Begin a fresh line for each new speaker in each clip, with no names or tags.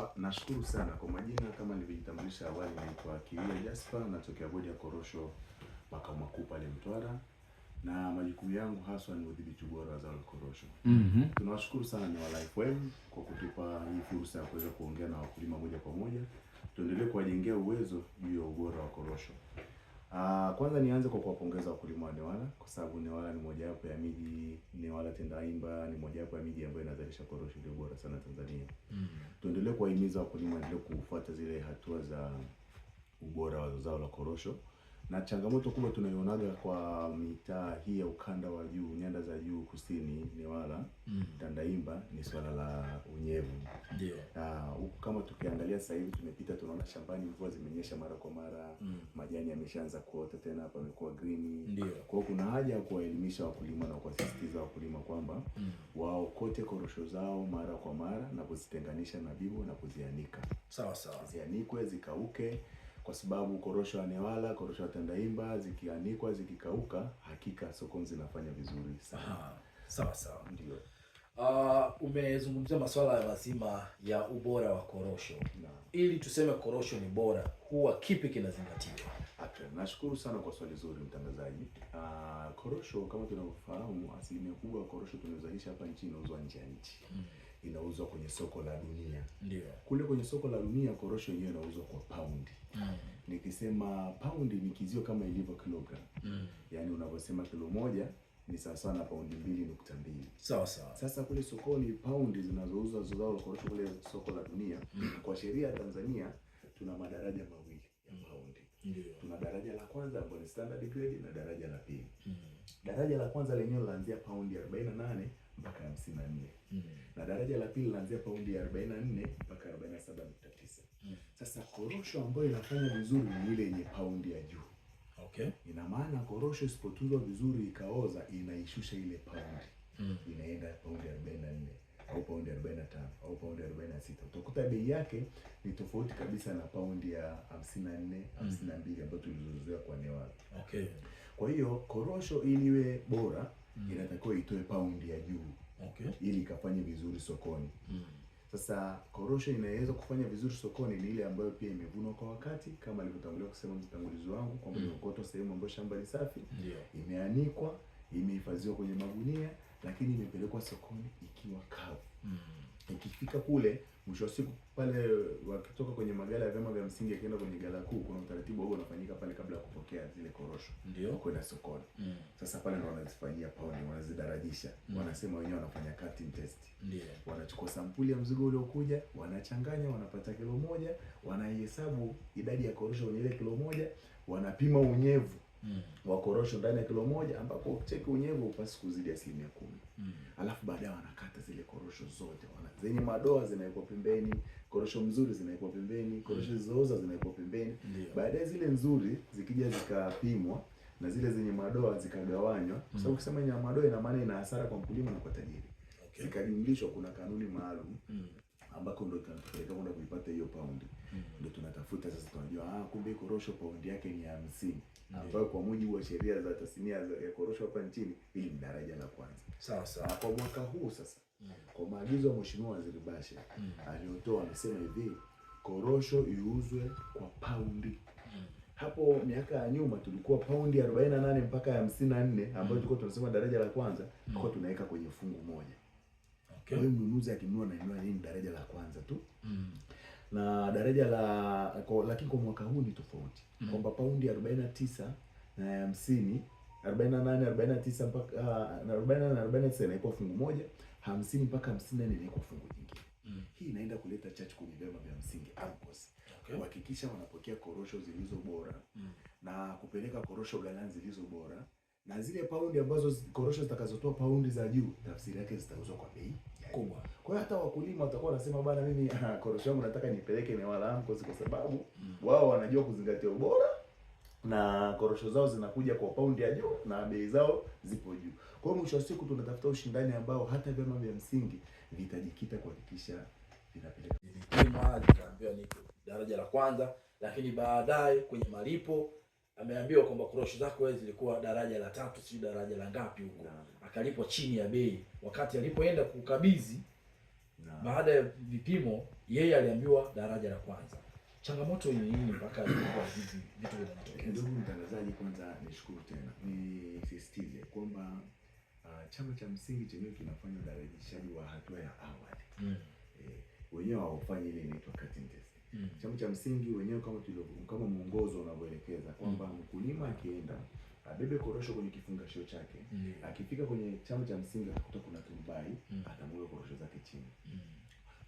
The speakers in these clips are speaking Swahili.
Mpendwa, nashukuru sana kwa majina. Kama nilivyojitambulisha awali, naitwa Kiwia Jasper, natokea bodi ya korosho makao makuu pale Mtwara, na majukumu yangu haswa ni udhibiti ubora wa zao la korosho. mm -hmm. Tunawashukuru sana ni wa Life Web kwa kutupa hii fursa ya kuweza kuongea na wakulima moja kwa moja, tuendelee kuwajengea uwezo juu ya ubora wa korosho. Uh, kwanza nianze kwa kuwapongeza wakulima wa Newala kwa sababu Newala ni mojawapo ya miji, Newala Tandahimba ni mojawapo ya miji ambayo inazalisha korosho iliyo bora sana Tanzania. Mm. Tuendelee kuwahimiza wakulima waendelee kufuata zile hatua za ubora wa zao la korosho na changamoto kubwa tunaionaga kwa mitaa hii ya ukanda wa juu, nyanda za juu kusini, Newala mm. Tandaimba ni swala la unyevu ndio. Yeah. Huku kama tukiangalia sasa hivi tumepita, tunaona shambani mvua zimenyesha mara kwa mara mm. majani yameshaanza kuota tena, hapa amekuwa green yeah. Kwa hiyo kuna haja ya kuwaelimisha wakulima na kuwasisitiza wakulima kwamba mm. waokote korosho zao mara kwa mara na kuzitenganisha na bibo na kuzianika sawa sawa, zianikwe zikauke kwa sababu korosho ya Newala, korosho ya Tandaimba zikianikwa, zikikauka, hakika sokoni zinafanya vizuri sana. Sawa sawa, ndio.
Uh, umezungumzia masuala mazima ya ubora wa korosho na, ili tuseme korosho ni bora, huwa kipi kinazingatiwa?
Nashukuru sana kwa swali zuri mtangazaji. Uh, korosho kama tunavyofahamu, asilimia kubwa ya korosho tunazalisha hapa nchini inauzwa nje ya nchi mm. Inauzwa kwenye soko la dunia ndio. Kule kwenye soko la dunia korosho yenyewe inauzwa kwa paundi mm. Nikisema paundi ni kizio kama ilivyo kilogram mm. Yaani unavyosema kilo moja ni sawa sawa na paundi mbili nukta mbili
sawa sawa.
Sasa kule sokoni paundi zinazouzwa zao korosho kule soko la dunia mm. Kwa sheria ya Tanzania tuna madaraja mawili Tuna daraja la kwanza ambalo ni standard grade na daraja la pili. Mm. -hmm. Daraja la kwanza lenyewe linaanzia paundi 48 mpaka 54. Mm. -hmm. Na daraja la pili linaanzia paundi 44 mpaka 47.9. Mm. -hmm. Sasa korosho ambayo inafanya vizuri ni ile yenye paundi ya juu. Okay. Ina maana korosho isipotunzwa vizuri ikaoza, inaishusha ile paundi. Mm. -hmm. Inaenda paundi 44 au paundi 45 au paundi 46 utakuta bei yake ni tofauti kabisa na paundi ya 54, 52 mm. ambayo tulizozoea kwa Newala. Okay. Kwa hiyo korosho ili iwe bora mm. inatakiwa itoe paundi ya juu okay. ili ikafanye vizuri sokoni mm. Sasa korosho inaweza kufanya vizuri sokoni ni ile ambayo pia imevunwa kwa wakati, kama alivyotangulia kusema mtangulizi wangu kwamba mm. imeokotwa mm. sehemu ambayo shamba ni safi yeah. imeanikwa, imehifadhiwa kwenye magunia lakini imepelekwa sokoni ikiwa kavu mm. Ikifika kule mwisho wa siku pale, wakitoka kwenye magala ya vyama vya msingi akienda kwenye gala kuu, kuna utaratibu huo unafanyika pale kabla ya kupokea zile korosho ndio kwenda sokoni mm. Sasa pale ndo wanazifanyia paoni, wanazidarajisha mm. Wanasema wenyewe wanafanya cutting test, ndio wanachukua sampuli ya mzigo uliokuja, wanachanganya, wanapata kilo moja, wanahesabu idadi ya korosho kwenye ile kilo moja, wanapima unyevu mm. wa korosho ndani ya kilo moja ambapo ukicheki unyevu upasi kuzidi asilimia kumi mm. alafu baadaye wanakata zile korosho zote wana, zenye madoa zinawekwa pembeni, korosho mzuri zinawekwa pembeni, korosho mm. zilizooza zinawekwa pembeni yeah. baadaye zile nzuri zikija zikapimwa na zile zenye madoa zikagawanywa mm. kwa sababu mm. ukisema ina madoa ina maana ina hasara kwa mkulima na kwa tajiri okay. Zikajumlishwa, kuna kanuni maalum mm. ambako ndio tunatupeleka kwenda kuipata hiyo paundi mm. Mm. ndio tunatafuta sasa, tunajua ah, kumbe korosho paundi yake ni hamsini ambayo kwa mujibu wa sheria za tasnia ya korosho hapa nchini hili ni daraja la kwanza. Sawa sawa. Kwa mwaka huu sasa, mm. kwa maagizo ya Mheshimiwa Waziri Bashe mm. aliyotoa, amesema hivi korosho iuzwe kwa paundi hapo miaka ya nyuma tulikuwa paundi 48 mpaka 54 ambayo tulikuwa tunasema daraja la kwanza tulikuwa tunaweka kwenye fungu moja. Okay. Kwa hiyo mnunuzi akinunua na inua nini daraja la kwanza tu. Mm na daraja la, kwa, lakini kwa mwaka huu ni tofauti mm -hmm. kwamba paundi 49 na 50 48 49 na nane na tisa mpaka ah, arobaini na na tisa inaikuwa fungu moja, 50 mpaka 54 inaikuwa fungu nyingine mm. Hii inaenda kuleta chachu kwenye vyama vya msingi AMCOS kuhakikisha okay. wanapokea korosho zilizo bora mm. na kupeleka korosho ghalani zilizo bora, na zile paundi ambazo korosho zitakazotoa paundi za juu, tafsiri yake zitauzwa kwa bei kubwa. Kwa hiyo hata wakulima watakuwa wanasema bana, mimi ah, korosho yangu nataka nipeleke eneo la AMCOS kwa sababu mm. wao wanajua kuzingatia ubora na korosho zao zinakuja kwa paundi ya juu na bei zao zipo juu. Kwa hiyo mwisho wa siku tunatafuta ushindani ambao hata vyama vya msingi vitajikita kuhakikisha
vinapeleka. Nilipima nikaambiwa niko daraja la kwanza, lakini baadaye kwenye malipo ameambiwa kwamba korosho zako wewe zilikuwa daraja la tatu, sio daraja la ngapi huko, akalipwa chini ya bei. Wakati alipoenda kukabidhi baada ya vipimo, yeye aliambiwa daraja la kwanza. Changamoto ni nini mpaka ilikuwa hivi vitu vinatokea?
Ndugu mtangazaji, kwanza nishukuru tena nisisitize kwamba uh, chama cha msingi chenyewe kinafanya udarajeshaji wa hatua ya awali mm. E, wenyewe hawafanyi ile inaitwa cutting test mm. Chama cha msingi wenyewe kama tulivyo kama mwongozo unavyoelekeza kwamba mm. mkulima akienda abebe korosho kwenye kifungashio chake mm. Akifika kwenye chama cha msingi akakuta kuna turubai mm. Atamwaga korosho zake chini mm.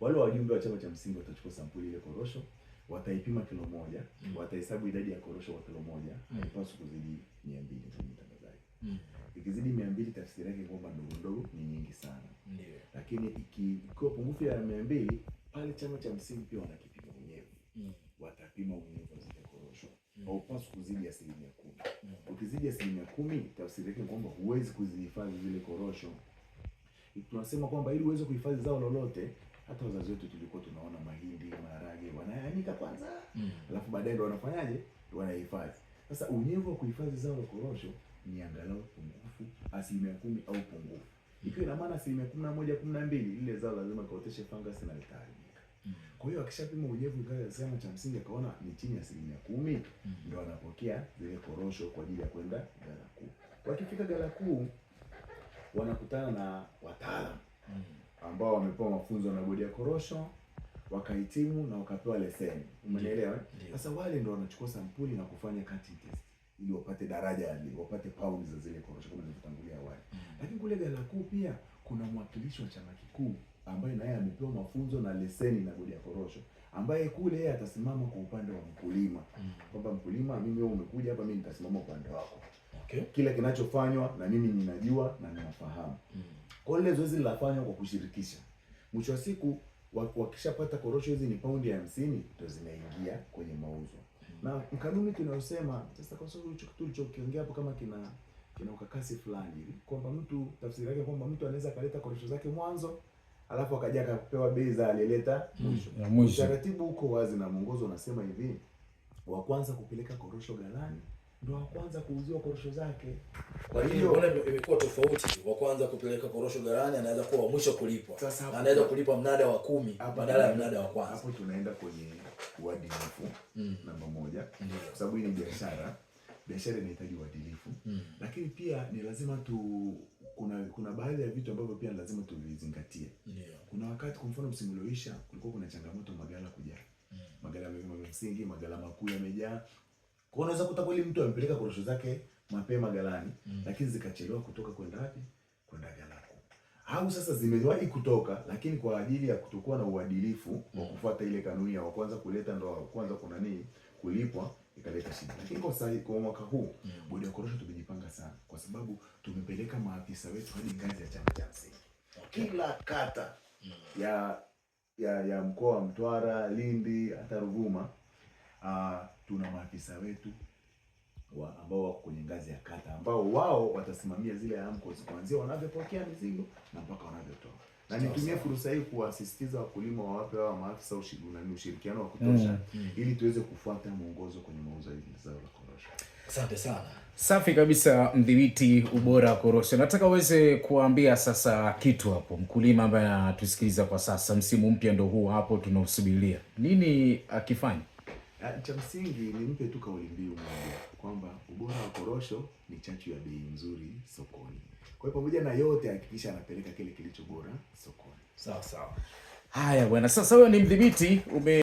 Wale wajumbe wa chama cha msingi watachukua sampuli ile korosho wataipima kilo moja mm. Watahesabu idadi ya korosho kwa kilo moja mm. Haipaswi kuzidi mia mbili mtangazaji mm. Ikizidi mia mbili tafsiri yake kwamba ndogo ndogo ni nyingi sana yeah. Lakini ikiwa pungufu ya mia mbili pale chama cha msingi pia wanaki utapima unyevu wa zile korosho. Haupaswi mm. kuzidi asilimia kumi. Mm. Ukizidi asilimia kumi, tafsiri yake kwamba huwezi kuzihifadhi zile korosho. Tunasema kwamba ili uweze kuhifadhi zao lolote, hata wazazi wetu tulikuwa tunaona mahindi, maharage wanayaanika kwanza, mm. alafu baadaye ndo wanafanyaje, wanahifadhi. Sasa unyevu wa kuhifadhi zao la korosho ni angalau pungufu asilimia kumi au pungufu, ikiwa ina maana asilimia kumi na moja kumi na mbili lile zao lazima kaoteshe fangasi na litaribia Mm. Kwa hiyo akishapima unyevu ngazi ya chama cha msingi akaona ni chini ya asilimia kumi mm -hmm. ndio anapokea zile korosho kwa ajili ya kwenda gala kuu. Wakifika gala kuu wanakutana na wataalamu mm -hmm. ambao wamepewa mafunzo na bodi ya korosho wakahitimu na wakapewa leseni. Umeelewa? Sasa wale ndio wanachukua sampuli na kufanya cutting test ili wapate daraja ali wapate paundi za zile korosho kama nilivyotangulia awali. Mm. Lakini kule gala kuu pia kuna mwakilishi wa chama kikuu ambaye naye amepewa mafunzo na leseni na bodi ya korosho, ambaye kule yeye atasimama kwa upande wa mkulima mm-hmm. kwamba mkulima, mimi wewe umekuja hapa, mimi nitasimama upande wako okay. Kila kinachofanywa na mimi ninajua na ninafahamu mm. Kwa ile zoezi linafanywa kwa kushirikisha, mwisho wa siku wakishapata korosho hizi ni paundi ya hamsini ndio zinaingia kwenye mauzo mm. na kanuni tunayosema sasa, kwa sababu hicho kitu tulichokiongea hapo kama kina kina ukakasi fulani hivi, kwamba mtu tafsiri yake kwamba mtu anaweza kaleta korosho zake mwanzo alafu akaja akapewa bei za aliyeleta mwisho. Taratibu huko wazi na mwongozo unasema hivi, wa kwanza kupeleka korosho galani ndo wa kwanza kuuziwa korosho zake.
Kwa hiyo mbona imekuwa tofauti? Wa kwanza kupeleka korosho galani anaweza kuwa wa mwisho kulipwa, anaweza kulipwa mnada wa kumi badala ya mnada wa kwanza.
Hapo tunaenda kwenye uadilifu mm. namba moja, kwa sababu hii ni biashara. Biashara inahitaji uadilifu mm. lakini pia ni lazima tu kuna kuna baadhi ya vitu ambavyo pia lazima tuvizingatie. Yeah. Kuna wakati kwa mfano msimu ulioisha kulikuwa kuna changamoto magala kujaa. Mm. Magala ya vyuma msingi, magala makuu yamejaa. Kwa hiyo unaweza kuta kweli mtu amepeleka korosho zake mapema galani, mm. lakini zikachelewa kutoka kwenda wapi? Kwenda gala kuu. Au sasa zimewahi kutoka lakini kwa ajili ya kutokuwa na uadilifu mm. wa kufuata ile kanuni ya kwanza kuleta ndo kwanza kuna nini kulipwa ikaleta shida, lakini kwa sasa kwa mwaka huu mm. bodi ya korosho tumejipanga sana, kwa sababu tumepeleka maafisa wetu hadi ngazi ya chama cha msingi okay. kila kata mm. ya ya, ya mkoa wa Mtwara, Lindi, hata Ruvuma uh, tuna maafisa wetu wa, ambao wako kwenye ngazi ya kata ambao wao watasimamia zile AMCOS kuanzia wanavyopokea mizigo na mpaka wanavyotoa na nitumie fursa hii kuwasisitiza wakulima wawape hawa maafisa ushirikiano wa mm. kutosha mm, mm, ili tuweze kufuata mwongozo kwenye mauzo ya zao la korosho.
Asante sana. Safi kabisa, mdhibiti ubora wa korosho, nataka uweze kuambia sasa kitu hapo mkulima ambaye anatusikiliza kwa sasa, msimu mpya ndio huu hapo tunausubiria, nini akifanya?
Ah, cha msingi nimpe tu kauli mbiu moja kwamba ubora wa korosho ni chachu ya bei nzuri sokoni. Kwa hiyo pamoja na yote hakikisha anapeleka kile kilicho bora sokoni.
Sawa sawa. Haya bwana, sasa huyo ni mdhibiti ume